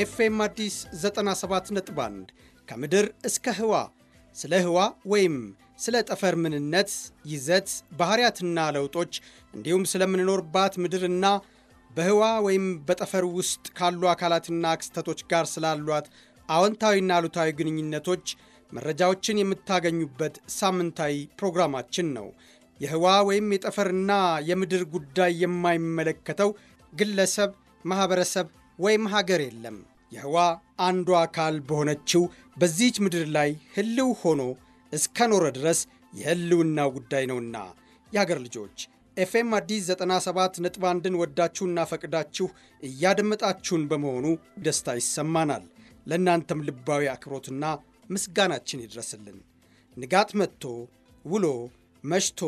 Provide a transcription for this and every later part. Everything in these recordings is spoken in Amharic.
ኤፍኤም አዲስ 97.1 ከምድር እስከ ህዋ ስለ ህዋ ወይም ስለ ጠፈር ምንነት፣ ይዘት፣ ባህሪያትና ለውጦች እንዲሁም ስለምንኖርባት ምድርና በህዋ ወይም በጠፈር ውስጥ ካሉ አካላትና ክስተቶች ጋር ስላሏት አዎንታዊና አሉታዊ ግንኙነቶች መረጃዎችን የምታገኙበት ሳምንታዊ ፕሮግራማችን ነው። የህዋ ወይም የጠፈርና የምድር ጉዳይ የማይመለከተው ግለሰብ፣ ማኅበረሰብ ወይም ሀገር የለም። የህዋ አንዱ አካል በሆነችው በዚህች ምድር ላይ ህልው ሆኖ እስከኖረ ድረስ የህልውና ጉዳይ ነውና የሀገር ልጆች ኤፍኤም አዲስ 97.1ን ወዳችሁና ፈቅዳችሁ እያደመጣችሁን በመሆኑ ደስታ ይሰማናል። ለእናንተም ልባዊ አክብሮትና ምስጋናችን ይድረስልን። ንጋት መጥቶ ውሎ መሽቶ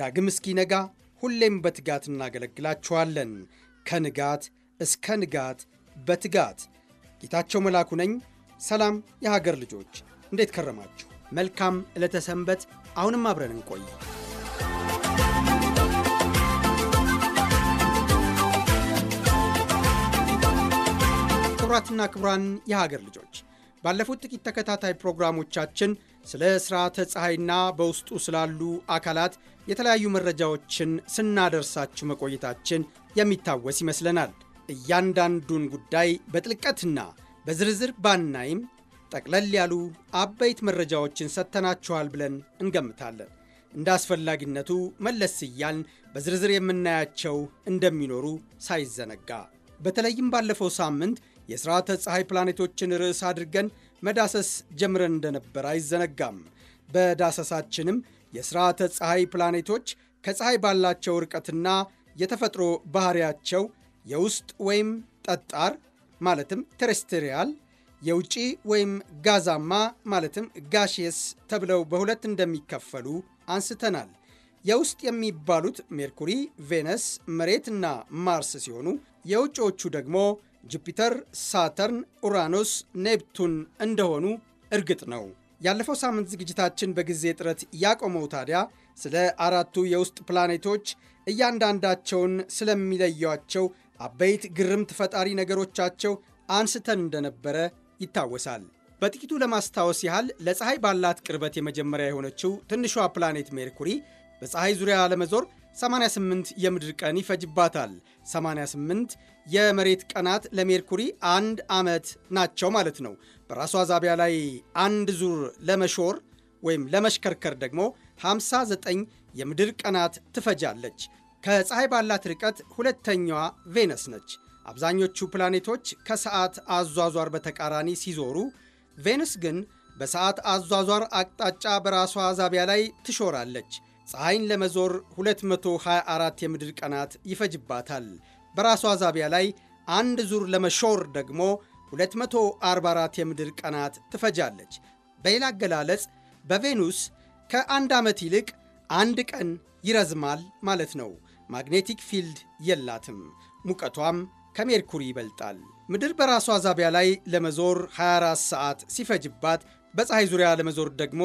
ዳግም እስኪነጋ ሁሌም በትጋት እናገለግላችኋለን። ከንጋት እስከ ንጋት በትጋት ጌታቸው መላኩ ነኝ። ሰላም የሀገር ልጆች፣ እንዴት ከረማችሁ? መልካም ዕለተ ሰንበት። አሁንም አብረን እንቆይ። ክቡራትና ክቡራን የሀገር ልጆች ባለፉት ጥቂት ተከታታይ ፕሮግራሞቻችን ስለ ሥርዓተ ፀሐይና በውስጡ ስላሉ አካላት የተለያዩ መረጃዎችን ስናደርሳችሁ መቆየታችን የሚታወስ ይመስለናል። እያንዳንዱን ጉዳይ በጥልቀትና በዝርዝር ባናይም ጠቅለል ያሉ አበይት መረጃዎችን ሰጥተናችኋል ብለን እንገምታለን። እንደ አስፈላጊነቱ መለስ እያልን በዝርዝር የምናያቸው እንደሚኖሩ ሳይዘነጋ በተለይም ባለፈው ሳምንት የሥርዓተ ፀሐይ ፕላኔቶችን ርዕስ አድርገን መዳሰስ ጀምረን እንደነበር አይዘነጋም። በዳሰሳችንም የሥርዓተ ፀሐይ ፕላኔቶች ከፀሐይ ባላቸው ርቀትና የተፈጥሮ ባሕሪያቸው የውስጥ ወይም ጠጣር ማለትም ተረስትሪያል፣ የውጪ ወይም ጋዛማ ማለትም ጋሽየስ ተብለው በሁለት እንደሚከፈሉ አንስተናል። የውስጥ የሚባሉት ሜርኩሪ፣ ቬነስ፣ መሬትና ማርስ ሲሆኑ የውጪዎቹ ደግሞ ጁፒተር፣ ሳተርን፣ ኡራኖስ፣ ኔፕቱን እንደሆኑ እርግጥ ነው። ያለፈው ሳምንት ዝግጅታችን በጊዜ ጥረት ያቆመው ታዲያ ስለ አራቱ የውስጥ ፕላኔቶች እያንዳንዳቸውን ስለሚለያቸው አበይት ግርምት ፈጣሪ ነገሮቻቸው አንስተን እንደነበረ ይታወሳል። በጥቂቱ ለማስታወስ ያህል ለፀሐይ ባላት ቅርበት የመጀመሪያ የሆነችው ትንሿ ፕላኔት ሜርኩሪ በፀሐይ ዙሪያ ለመዞር 88 የምድር ቀን ይፈጅባታል። 88 የመሬት ቀናት ለሜርኩሪ አንድ ዓመት ናቸው ማለት ነው። በራሷ ዛቢያ ላይ አንድ ዙር ለመሾር ወይም ለመሽከርከር ደግሞ 59 የምድር ቀናት ትፈጃለች። ከፀሐይ ባላት ርቀት ሁለተኛዋ ቬነስ ነች። አብዛኞቹ ፕላኔቶች ከሰዓት አዟዟር በተቃራኒ ሲዞሩ፣ ቬነስ ግን በሰዓት አዟዟር አቅጣጫ በራሷ ዛቢያ ላይ ትሾራለች። ፀሐይን ለመዞር 224 የምድር ቀናት ይፈጅባታል። በራሷ ዛቢያ ላይ አንድ ዙር ለመሾር ደግሞ 244 የምድር ቀናት ትፈጃለች። በሌላ አገላለጽ በቬኑስ ከአንድ ዓመት ይልቅ አንድ ቀን ይረዝማል ማለት ነው። ማግኔቲክ ፊልድ የላትም። ሙቀቷም ከሜርኩሪ ይበልጣል። ምድር በራሷ ዛቢያ ላይ ለመዞር 24 ሰዓት ሲፈጅባት በፀሐይ ዙሪያ ለመዞር ደግሞ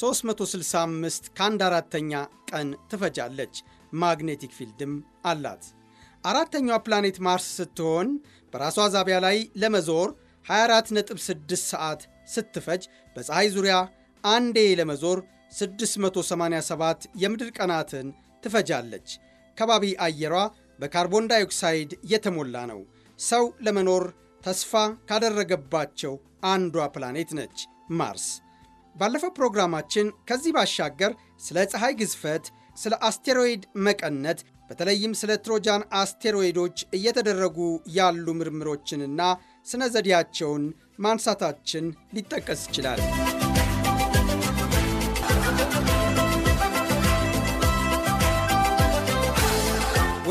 365 ከአንድ አራተኛ ቀን ትፈጃለች። ማግኔቲክ ፊልድም አላት። አራተኛዋ ፕላኔት ማርስ ስትሆን በራሷ ዛቢያ ላይ ለመዞር 24.6 ሰዓት ስትፈጅ በፀሐይ ዙሪያ አንዴ ለመዞር 687 የምድር ቀናትን ትፈጃለች። ከባቢ አየሯ በካርቦን ዳይኦክሳይድ የተሞላ ነው። ሰው ለመኖር ተስፋ ካደረገባቸው አንዷ ፕላኔት ነች ማርስ። ባለፈው ፕሮግራማችን ከዚህ ባሻገር ስለ ፀሐይ ግዝፈት፣ ስለ አስቴሮይድ መቀነት፣ በተለይም ስለ ትሮጃን አስቴሮይዶች እየተደረጉ ያሉ ምርምሮችንና ስነ ዘዴያቸውን ማንሳታችን ሊጠቀስ ይችላል።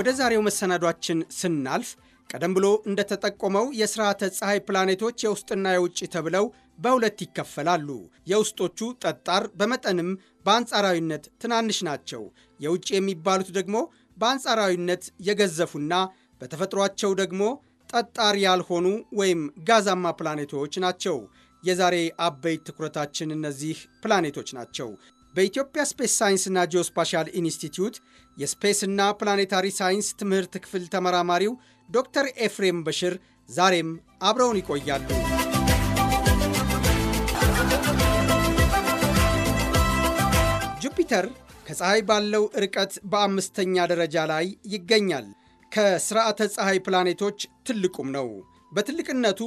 ወደ ዛሬው መሰናዷችን ስናልፍ ቀደም ብሎ እንደተጠቆመው የሥርዓተ ፀሐይ ፕላኔቶች የውስጥና የውጭ ተብለው በሁለት ይከፈላሉ። የውስጦቹ ጠጣር፣ በመጠንም በአንጻራዊነት ትናንሽ ናቸው። የውጭ የሚባሉት ደግሞ በአንጻራዊነት የገዘፉና በተፈጥሯቸው ደግሞ ጠጣር ያልሆኑ ወይም ጋዛማ ፕላኔቶች ናቸው። የዛሬ አበይት ትኩረታችን እነዚህ ፕላኔቶች ናቸው። በኢትዮጵያ ስፔስ ሳይንስና ጂኦስፓሻል ኢንስቲትዩት የስፔስና ፕላኔታሪ ሳይንስ ትምህርት ክፍል ተመራማሪው ዶክተር ኤፍሬም በሽር ዛሬም አብረውን ይቆያሉ። ጁፒተር ከፀሐይ ባለው ርቀት በአምስተኛ ደረጃ ላይ ይገኛል። ከስርዓተ ፀሐይ ፕላኔቶች ትልቁም ነው። በትልቅነቱ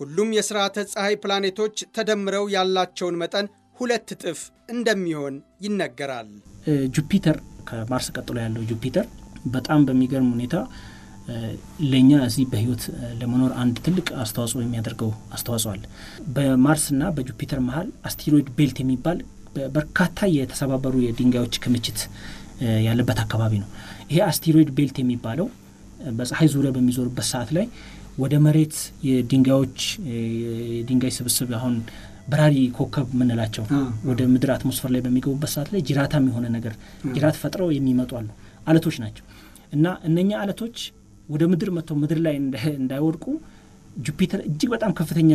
ሁሉም የስርዓተ ፀሐይ ፕላኔቶች ተደምረው ያላቸውን መጠን ሁለት እጥፍ እንደሚሆን ይነገራል። ጁፒተር ከማርስ ቀጥሎ ያለው ጁፒተር በጣም በሚገርም ሁኔታ ለእኛ እዚህ በህይወት ለመኖር አንድ ትልቅ አስተዋጽኦ የሚያደርገው አስተዋጽኦ አለ። በማርስና በጁፒተር መሀል አስቴሮይድ ቤልት የሚባል በርካታ የተሰባበሩ የድንጋዮች ክምችት ያለበት አካባቢ ነው። ይሄ አስቴሮይድ ቤልት የሚባለው በፀሐይ ዙሪያ በሚዞርበት ሰዓት ላይ ወደ መሬት የድንጋዮች የድንጋይ ስብስብ አሁን በራሪ ኮከብ የምንላቸው ወደ ምድር አትሞስፈር ላይ በሚገቡበት ሰዓት ላይ ጅራታም የሆነ ነገር ጅራት ፈጥረው የሚመጡ አሉ። አለቶች ናቸው እና እነኛ አለቶች ወደ ምድር መጥተው ምድር ላይ እንዳይወድቁ ጁፒተር እጅግ በጣም ከፍተኛ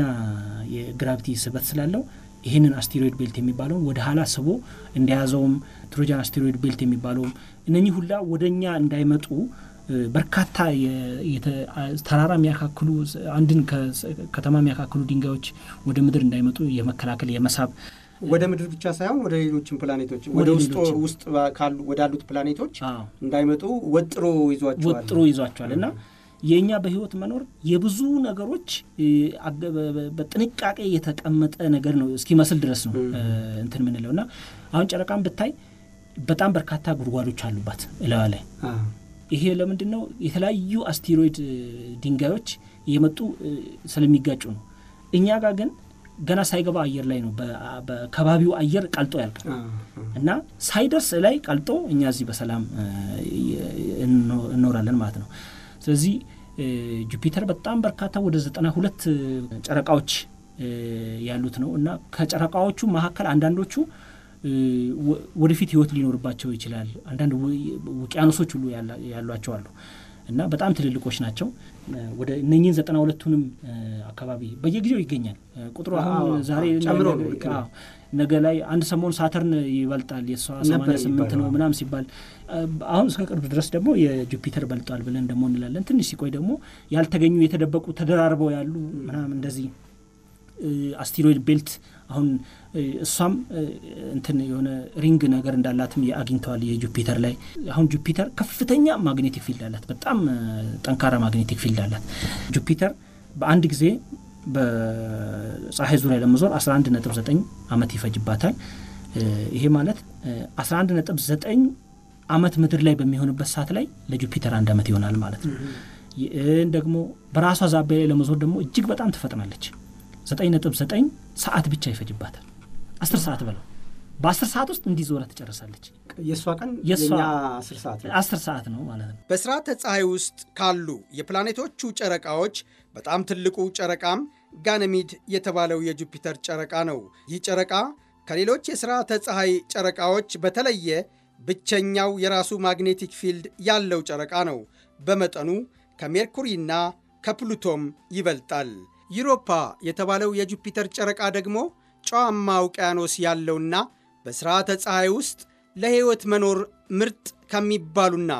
የግራቪቲ ስበት ስላለው ይህንን አስቴሮይድ ቤልት የሚባለውን ወደ ኋላ ስቦ እንደያዘውም ትሮጃን አስቴሮይድ ቤልት የሚባለውም እነኚህ ሁላ ወደ እኛ እንዳይመጡ በርካታ ተራራ የሚያካክሉ አንድን ከተማ የሚያካክሉ ድንጋዮች ወደ ምድር እንዳይመጡ የመከላከል የመሳብ ወደ ምድር ብቻ ሳይሆን ወደ ሌሎችም ፕላኔቶች ወደ ውስጥ ውስጥ ካሉ ወዳሉት ፕላኔቶች እንዳይመጡ ወጥሮ ይዟቸዋል ወጥሮ ይዟቸዋል እና የእኛ በህይወት መኖር የብዙ ነገሮች በጥንቃቄ የተቀመጠ ነገር ነው እስኪመስል ድረስ ነው እንትን የምንለው እና አሁን ጨረቃም ብታይ በጣም በርካታ ጉድጓዶች አሉባት እለዋ ላይ ይሄ ለምንድን ነው? የተለያዩ አስቴሮይድ ድንጋዮች እየመጡ ስለሚጋጩ ነው። እኛ ጋር ግን ገና ሳይገባ አየር ላይ ነው። በከባቢው አየር ቀልጦ ያልቃል እና ሳይደርስ ላይ ቀልጦ እኛ እዚህ በሰላም እንኖራለን ማለት ነው። ስለዚህ ጁፒተር በጣም በርካታ ወደ ዘጠና ሁለት ጨረቃዎች ያሉት ነው እና ከጨረቃዎቹ መካከል አንዳንዶቹ ወደፊት ህይወት ሊኖርባቸው ይችላል። አንዳንድ ውቅያኖሶች ሁሉ ያሏቸው አሉ እና በጣም ትልልቆች ናቸው። ወደ እነኝህን ዘጠና ሁለቱንም አካባቢ በየጊዜው ይገኛል ቁጥሩ ዛሬ ነገ ላይ አንድ ሰሞን ሳተርን ይበልጣል የእሷ ሰማንያ ስምንት ነው ምናም ሲባል አሁን እስከ ቅርብ ድረስ ደግሞ የጁፒተር በልጧል ብለን ደግሞ እንላለን። ትንሽ ሲቆይ ደግሞ ያልተገኙ የተደበቁ ተደራርበው ያሉ ምናምን እንደዚህ አስቴሮይድ ቤልት አሁን እሷም እንትን የሆነ ሪንግ ነገር እንዳላትም አግኝተዋል የጁፒተር ላይ አሁን ጁፒተር ከፍተኛ ማግኔቲክ ፊልድ አላት በጣም ጠንካራ ማግኔቲክ ፊልድ አላት ጁፒተር በአንድ ጊዜ በፀሐይ ዙሪያ ለመዞር 11.9 ዓመት ይፈጅባታል ይሄ ማለት 11.9 ዓመት ምድር ላይ በሚሆንበት ሰዓት ላይ ለጁፒተር አንድ ዓመት ይሆናል ማለት ነው ይህን ደግሞ በራሷ ዛቢያ ላይ ለመዞር ደግሞ እጅግ በጣም ትፈጥናለች ዘጠኝ ሰዓት ብቻ ይፈጅባታል። አ ሰዓት በለው በአስር ሰዓት ውስጥ እንዲህ ዞራ ትጨርሳለች። የእሷ ቀን ሰዓት ነው ማለት ነው። በስርዓተ ፀሐይ ውስጥ ካሉ የፕላኔቶቹ ጨረቃዎች በጣም ትልቁ ጨረቃም ጋነሚድ የተባለው የጁፒተር ጨረቃ ነው። ይህ ጨረቃ ከሌሎች የስርዓተ ፀሐይ ጨረቃዎች በተለየ ብቸኛው የራሱ ማግኔቲክ ፊልድ ያለው ጨረቃ ነው። በመጠኑ ከሜርኩሪና ከፕሉቶም ይበልጣል። ዩሮፓ የተባለው የጁፒተር ጨረቃ ደግሞ ጨዋማ ውቅያኖስ ያለውና በሥርዓተ ፀሐይ ውስጥ ለሕይወት መኖር ምርጥ ከሚባሉና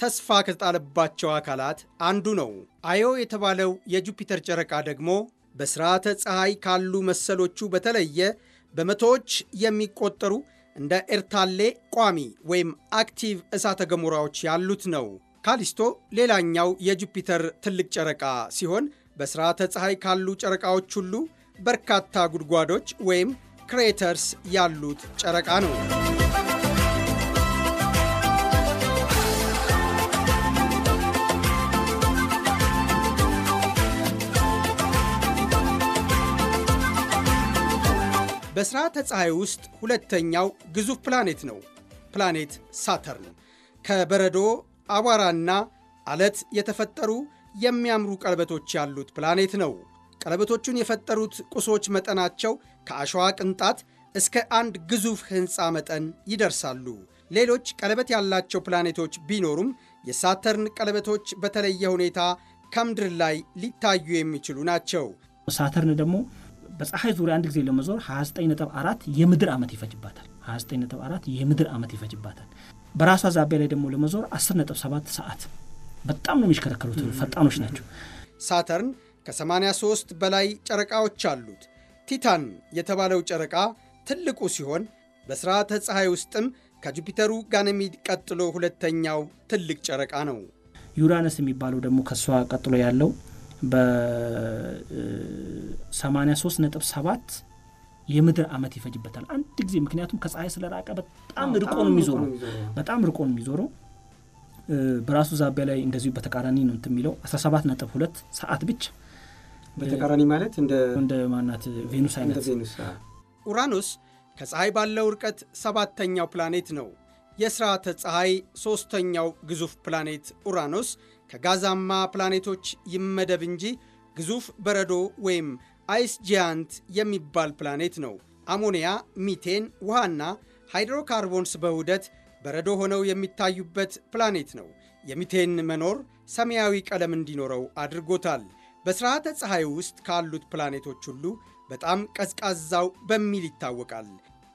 ተስፋ ከተጣለባቸው አካላት አንዱ ነው። አዮ የተባለው የጁፒተር ጨረቃ ደግሞ በሥርዓተ ፀሐይ ካሉ መሰሎቹ በተለየ በመቶዎች የሚቆጠሩ እንደ ኤርታሌ ቋሚ ወይም አክቲቭ እሳተ ገሞራዎች ያሉት ነው። ካሊስቶ ሌላኛው የጁፒተር ትልቅ ጨረቃ ሲሆን በስርዓተ ፀሐይ ካሉ ጨረቃዎች ሁሉ በርካታ ጉድጓዶች ወይም ክሬተርስ ያሉት ጨረቃ ነው። በሥርዓተ ፀሐይ ውስጥ ሁለተኛው ግዙፍ ፕላኔት ነው፣ ፕላኔት ሳተርን ከበረዶ አቧራና አለት የተፈጠሩ የሚያምሩ ቀለበቶች ያሉት ፕላኔት ነው። ቀለበቶቹን የፈጠሩት ቁሶች መጠናቸው ከአሸዋ ቅንጣት እስከ አንድ ግዙፍ ሕንፃ መጠን ይደርሳሉ። ሌሎች ቀለበት ያላቸው ፕላኔቶች ቢኖሩም የሳተርን ቀለበቶች በተለየ ሁኔታ ከምድር ላይ ሊታዩ የሚችሉ ናቸው። ሳተርን ደግሞ በፀሐይ ዙሪያ አንድ ጊዜ ለመዞር 294 የምድር ዓመት ይፈጅባታል። 294 የምድር ዓመት ይፈጅባታል። በራሷ ዛቢያ ላይ ደግሞ ለመዞር 107 ሰዓት በጣም ነው የሚሽከረከሩት፣ ፈጣኖች ናቸው። ሳተርን ከ83 በላይ ጨረቃዎች አሉት። ቲታን የተባለው ጨረቃ ትልቁ ሲሆን በስርዓተ ፀሐይ ውስጥም ከጁፒተሩ ጋነሚድ ቀጥሎ ሁለተኛው ትልቅ ጨረቃ ነው። ዩራነስ የሚባለው ደግሞ ከእሷ ቀጥሎ ያለው በ83.7 የምድር ዓመት ይፈጅበታል አንድ ጊዜ። ምክንያቱም ከፀሐይ ስለራቀ በጣም ርቆ ነው የሚዞረው። በጣም ርቆ ነው የሚዞረው። በራሱ ዛቢያ ላይ እንደዚሁ በተቃራኒ ነው የሚለው 17 ነጥብ ሁለት ሰዓት ብቻ በተቃራኒ ማለት እንደ ማናት ቬኑስ አይነት ኡራኖስ ከፀሐይ ባለው ርቀት ሰባተኛው ፕላኔት ነው። የስርዓተ ፀሐይ ሦስተኛው ግዙፍ ፕላኔት ኡራኖስ ከጋዛማ ፕላኔቶች ይመደብ እንጂ ግዙፍ በረዶ ወይም አይስ ጂያንት የሚባል ፕላኔት ነው። አሞኒያ፣ ሚቴን፣ ውሃና ሃይድሮካርቦንስ በውህደት በረዶ ሆነው የሚታዩበት ፕላኔት ነው። የሚቴን መኖር ሰማያዊ ቀለም እንዲኖረው አድርጎታል። በስርዓተ ፀሐይ ውስጥ ካሉት ፕላኔቶች ሁሉ በጣም ቀዝቃዛው በሚል ይታወቃል።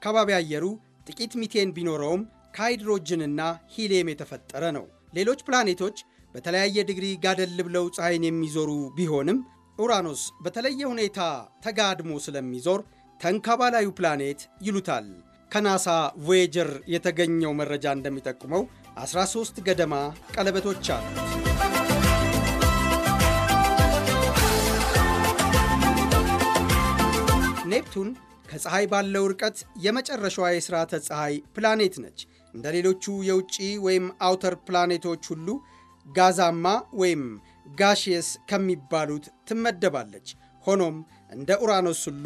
ከባቢ አየሩ ጥቂት ሚቴን ቢኖረውም ከሃይድሮጅንና ሂሊየም የተፈጠረ ነው። ሌሎች ፕላኔቶች በተለያየ ዲግሪ ጋደል ብለው ፀሐይን የሚዞሩ ቢሆንም ኡራኖስ በተለየ ሁኔታ ተጋድሞ ስለሚዞር ተንከባላዩ ፕላኔት ይሉታል። ከናሳ ቮዬጀር የተገኘው መረጃ እንደሚጠቁመው 13 ገደማ ቀለበቶች አሉ። ኔፕቱን ከፀሐይ ባለው ርቀት የመጨረሻዋ የሥርዓተ ፀሐይ ፕላኔት ነች። እንደ ሌሎቹ የውጭ ወይም አውተር ፕላኔቶች ሁሉ ጋዛማ ወይም ጋሽየስ ከሚባሉት ትመደባለች። ሆኖም እንደ ኡራኖስ ሁሉ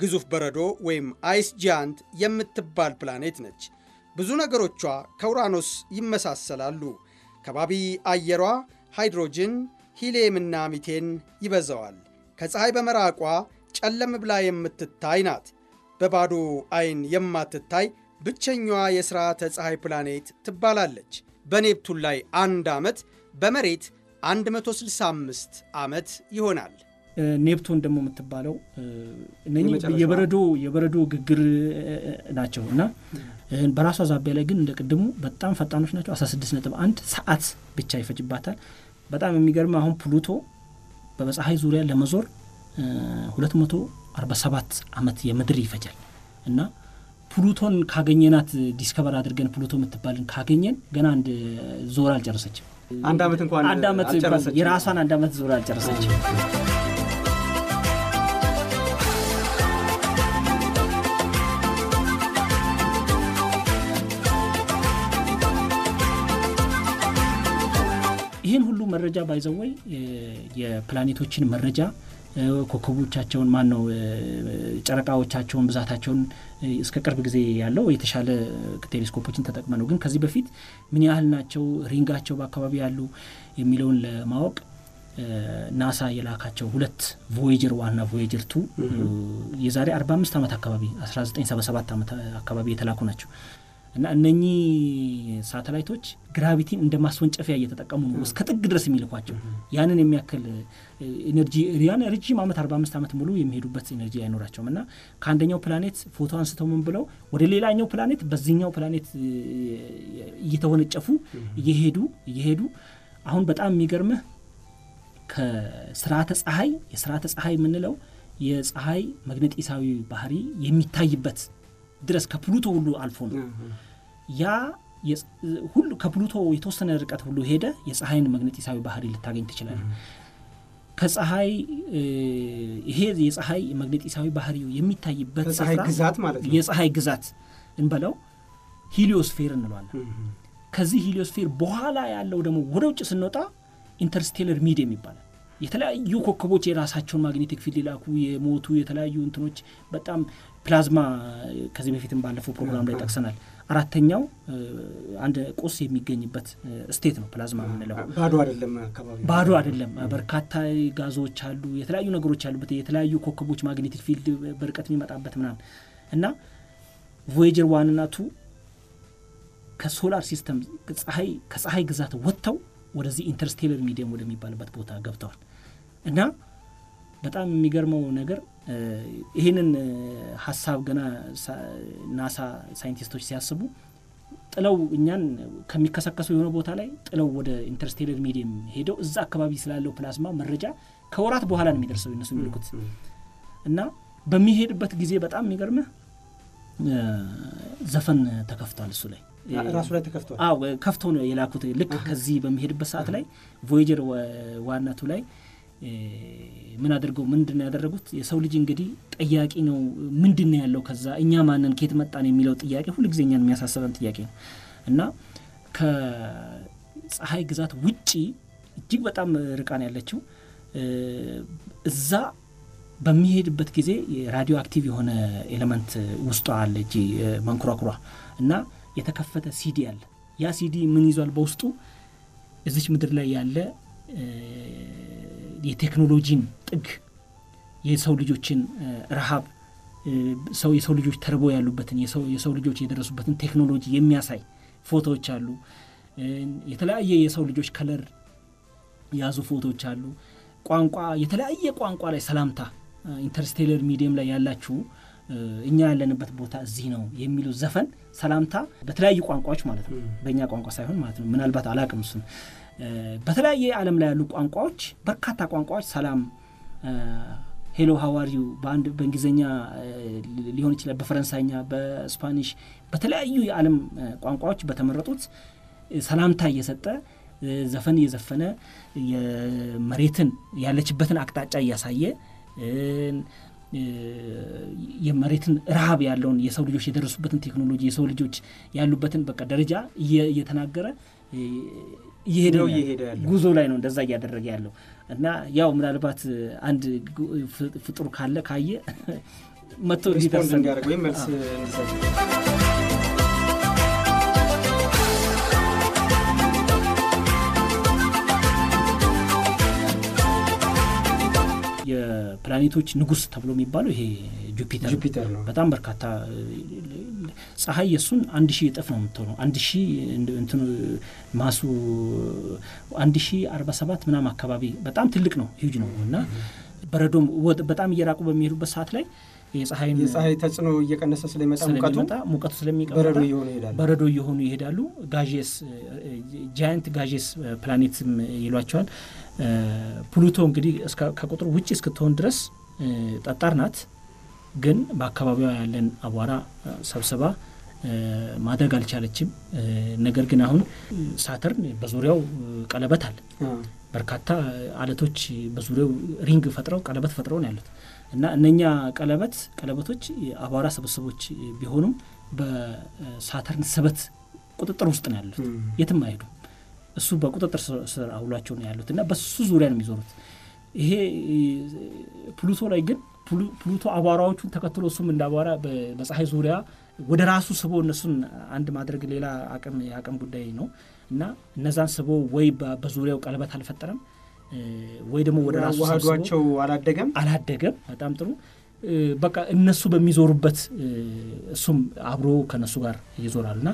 ግዙፍ በረዶ ወይም አይስ ጂያንት የምትባል ፕላኔት ነች። ብዙ ነገሮቿ ከውራኖስ ይመሳሰላሉ። ከባቢ አየሯ ሃይድሮጅን፣ ሂሌምና ሚቴን ይበዛዋል። ከፀሐይ በመራቋ ጨለም ብላ የምትታይ ናት። በባዶ አይን የማትታይ ብቸኛዋ የሥርዓተ ፀሐይ ፕላኔት ትባላለች። በኔፕቱን ላይ አንድ ዓመት በመሬት 165 ዓመት ይሆናል። ኔፕቱን ደግሞ የምትባለው የበረዶ የበረዶ ግግር ናቸው እና በራሷ ዛቢያ ላይ ግን እንደ ቅድሙ በጣም ፈጣኖች ናቸው። 16 ነጥብ አንድ ሰዓት ብቻ ይፈጅባታል። በጣም የሚገርም አሁን ፕሉቶ በፀሐይ ዙሪያ ለመዞር 247 ዓመት የምድር ይፈጃል እና ፕሉቶን ካገኘናት ዲስከቨር አድርገን ፕሉቶ የምትባልን ካገኘን ገና አንድ ዞር አልጨረሰችም። አንድ ዓመት እንኳን የራሷን አንድ ዓመት ዞር አልጨረሰችም። መረጃ ባይዘወይ የፕላኔቶችን መረጃ ኮከቦቻቸውን ማን ነው ጨረቃዎቻቸውን ብዛታቸውን እስከ ቅርብ ጊዜ ያለው የተሻለ ቴሌስኮፖችን ተጠቅመ ነው። ግን ከዚህ በፊት ምን ያህል ናቸው ሪንጋቸው በአካባቢ ያሉ የሚለውን ለማወቅ ናሳ የላካቸው ሁለት ቮዬጀር ዋና ቮዬጀር ቱ የዛሬ 45 አምስት ዓመት አካባቢ አስራ ዘጠኝ ሰባ ዓመት አካባቢ የተላኩ ናቸው። እና እነኚህ ሳተላይቶች ግራቪቲን እንደ ማስወንጨፊያ እየተጠቀሙ ነው እስከ ጥግ ድረስ የሚልኳቸው። ያንን የሚያክል ኤነርጂ ያን ረጅም ዓመት አርባ አምስት ዓመት ሙሉ የሚሄዱበት ኤነርጂ አይኖራቸውም እና ከአንደኛው ፕላኔት ፎቶ አንስተው ምን ብለው ወደ ሌላኛው ፕላኔት በዚህኛው ፕላኔት እየተወነጨፉ እየሄዱ እየሄዱ አሁን በጣም የሚገርምህ ከስርዓተ ፀሐይ የስርዓተ ፀሐይ የምንለው የፀሐይ መግነጢሳዊ ባህሪ የሚታይበት ድረስ ከፕሉቶ ሁሉ አልፎ ነው ያ ሁሉ ከፕሉቶ የተወሰነ ርቀት ሁሉ ሄደ የፀሐይን መግነጢሳዊ ባህሪ ልታገኝ ትችላል። ከፀሐይ ይሄ የፀሐይ መግነጢሳዊ ባህሪ የሚታይበት ግዛት ማለት ነው። የፀሐይ ግዛት እንበለው ሂሊዮስፌር እንለዋለን። ከዚህ ሂሊዮስፌር በኋላ ያለው ደግሞ ወደ ውጭ ስንወጣ ኢንተርስቴለር ሚድ ይባላል። የተለያዩ ኮከቦች የራሳቸውን ማግኔቲክ ፊልድ የሞቱ የተለያዩ እንትኖች በጣም ፕላዝማ ከዚህ በፊትም ባለፈው ፕሮግራም ላይ ጠቅሰናል። አራተኛው አንድ ቁስ የሚገኝበት ስቴት ነው። ፕላዝማ የምንለው ባዶ አይደለም፣ አካባቢ ባዶ አይደለም። በርካታ ጋዞች አሉ፣ የተለያዩ ነገሮች አሉበት የተለያዩ ኮከቦች ማግኔቲክ ፊልድ በርቀት የሚመጣበት ምናምን እና ቮጀር ዋንና ቱ ከሶላር ሲስተም ከፀሐይ ግዛት ወጥተው ወደዚህ ኢንተርስቴለር ሚዲየም ወደሚባልበት ቦታ ገብተዋል እና በጣም የሚገርመው ነገር ይህንን ሀሳብ ገና ናሳ ሳይንቲስቶች ሲያስቡ ጥለው እኛን ከሚከሰከሱ የሆነ ቦታ ላይ ጥለው ወደ ኢንተርስቴለር ሚዲየም ሄደው እዛ አካባቢ ስላለው ፕላዝማ መረጃ ከወራት በኋላ ነው የሚደርሰው እነሱ የሚልኩት እና በሚሄድበት ጊዜ በጣም የሚገርምህ ዘፈን ተከፍቷል እሱ ላይ ራሱ ላይ ተከፍቷል። አዎ ከፍቶ ነው የላኩት። ልክ ከዚህ በሚሄድበት ሰዓት ላይ ቮይጀር ዋናቱ ላይ ምን አድርገው ምንድን ነው ያደረጉት? የሰው ልጅ እንግዲህ ጠያቂ ነው። ምንድን ነው ያለው ከዛ እኛ ማንን ከየት መጣን የሚለው ጥያቄ ሁልጊዜ እኛን የሚያሳስበን ጥያቄ ነው እና ከፀሐይ ግዛት ውጪ እጅግ በጣም ርቃን ያለችው እዛ በሚሄድበት ጊዜ ራዲዮ አክቲቭ የሆነ ኤሌመንት ውስጧ አለ እ መንኩራኩሯ እና የተከፈተ ሲዲ አለ። ያ ሲዲ ምን ይዟል በውስጡ እዚች ምድር ላይ ያለ የቴክኖሎጂን ጥግ የሰው ልጆችን ረሃብ ሰው የሰው ልጆች ተርቦ ያሉበትን የሰው ልጆች የደረሱበትን ቴክኖሎጂ የሚያሳይ ፎቶዎች አሉ። የተለያየ የሰው ልጆች ከለር የያዙ ፎቶዎች አሉ። ቋንቋ የተለያየ ቋንቋ ላይ ሰላምታ ኢንተርስቴለር ሚዲየም ላይ ያላችሁ እኛ ያለንበት ቦታ እዚህ ነው የሚሉ ዘፈን ሰላምታ በተለያዩ ቋንቋዎች ማለት ነው፣ በእኛ ቋንቋ ሳይሆን ማለት ነው። ምናልባት አላቅም እሱን በተለያየ ዓለም ላይ ያሉ ቋንቋዎች በርካታ ቋንቋዎች ሰላም ሄሎ ሀዋሪዩ በአንድ በእንግሊዝኛ ሊሆን ይችላል፣ በፈረንሳይኛ፣ በስፓኒሽ፣ በተለያዩ የዓለም ቋንቋዎች በተመረጡት ሰላምታ እየሰጠ ዘፈን እየዘፈነ የመሬትን ያለችበትን አቅጣጫ እያሳየ የመሬትን ረሃብ ያለውን የሰው ልጆች የደረሱበትን ቴክኖሎጂ የሰው ልጆች ያሉበትን በቃ ደረጃ እየተናገረ እየሄደ ጉዞ ላይ ነው እንደዛ እያደረገ ያለው እና ያው ምናልባት አንድ ፍጡር ካለ ካየ መጥቶ የፕላኔቶች ንጉስ ተብሎ የሚባለው ይሄ ጁፒተር በጣም በርካታ ፀሀይ የእሱን አንድ ሺህ እጥፍ ነው የምትሆነው። አንድ ሺህ እንትኑ ማሱ አንድ ሺህ አርባ ሰባት ምናም አካባቢ በጣም ትልቅ ነው፣ ሂውጅ ነው እና በረዶም በጣም እየራቁ በሚሄዱበት ሰዓት ላይ የፀሐይ ተጽዕኖ እየቀነሰ ስለሚመጣ ሙቀቱ ስለሚቀ በረዶ እየሆኑ ይሄዳሉ። ጋዥስ ጃያንት ጋዥስ ፕላኔትም ይሏቸዋል። ፕሉቶ እንግዲህ ከቁጥር ውጭ እስክትሆን ድረስ ጠጣር ናት። ግን በአካባቢዋ ያለን አቧራ ሰብስባ ማደግ አልቻለችም። ነገር ግን አሁን ሳተርን በዙሪያው ቀለበት አለ። በርካታ አለቶች በዙሪያው ሪንግ ፈጥረው ቀለበት ፈጥረው ነው ያሉት እና እነኛ ቀለበት ቀለበቶች አቧራ ስብስቦች ቢሆኑም በሳተርን ስበት ቁጥጥር ውስጥ ነው ያሉት፣ የትም አይሄዱም። እሱ በቁጥጥር ስር አውሏቸው ነው ያሉት እና በሱ ዙሪያ ነው የሚዞሩት። ይሄ ፕሉቶ ላይ ግን ፕሉቶ አቧራዎቹን ተከትሎ እሱም እንደ አቧራ በፀሐይ ዙሪያ ወደ ራሱ ስቦ እነሱን አንድ ማድረግ ሌላ አቅም የአቅም ጉዳይ ነው እና እነዛን ስቦ ወይ በዙሪያው ቀለበት አልፈጠረም ወይ ደግሞ ወደ ራሱ ዋህዷቸው አላደገም አላደገም። በጣም ጥሩ በቃ እነሱ በሚዞሩበት እሱም አብሮ ከነሱ ጋር ይዞራል ና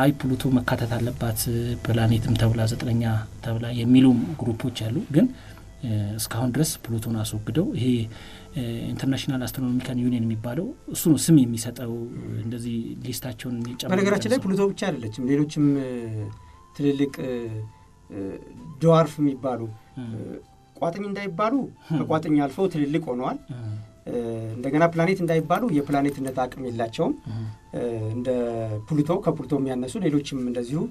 አይ ፕሉቶ መካተት አለባት ፕላኔትም ተብላ ዘጠነኛ ተብላ የሚሉም ግሩፖች አሉ ግን እስካሁን ድረስ ፕሉቶን አስወግደው ይሄ ኢንተርናሽናል አስትሮኖሚካል ዩኒየን የሚባለው እሱ ነው ስም የሚሰጠው። እንደዚህ ሊስታቸውን የሚጨምረው በነገራችን ላይ ፕሉቶ ብቻ አይደለችም፣ ሌሎችም ትልልቅ ድዋርፍ የሚባሉ ቋጥኝ እንዳይባሉ ከቋጥኝ አልፈው ትልልቅ ሆነዋል። እንደገና ፕላኔት እንዳይባሉ የፕላኔትነት አቅም የላቸውም። እንደ ፕሉቶ ከፕሉቶ የሚያነሱ ሌሎችም እንደዚሁ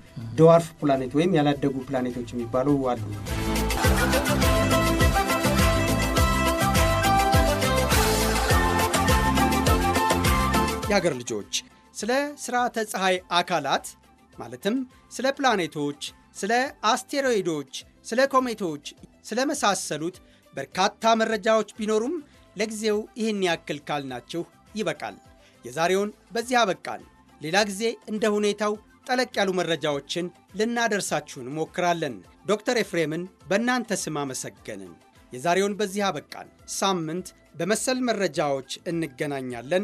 ድዋርፍ ፕላኔት ወይም ያላደጉ ፕላኔቶች የሚባሉ አሉ። የአገር ልጆች ስለ ስርዓተ ፀሐይ አካላት ማለትም ስለ ፕላኔቶች፣ ስለ አስቴሮይዶች፣ ስለ ኮሜቶች ስለመሳሰሉት በርካታ መረጃዎች ቢኖሩም ለጊዜው ይህን ያክል ካልናችሁ ይበቃል። የዛሬውን በዚህ አበቃን። ሌላ ጊዜ እንደ ሁኔታው ጠለቅ ያሉ መረጃዎችን ልናደርሳችሁ እንሞክራለን። ዶክተር ኤፍሬምን በእናንተ ስም አመሰገንን። የዛሬውን በዚህ አበቃን። ሳምንት በመሰል መረጃዎች እንገናኛለን።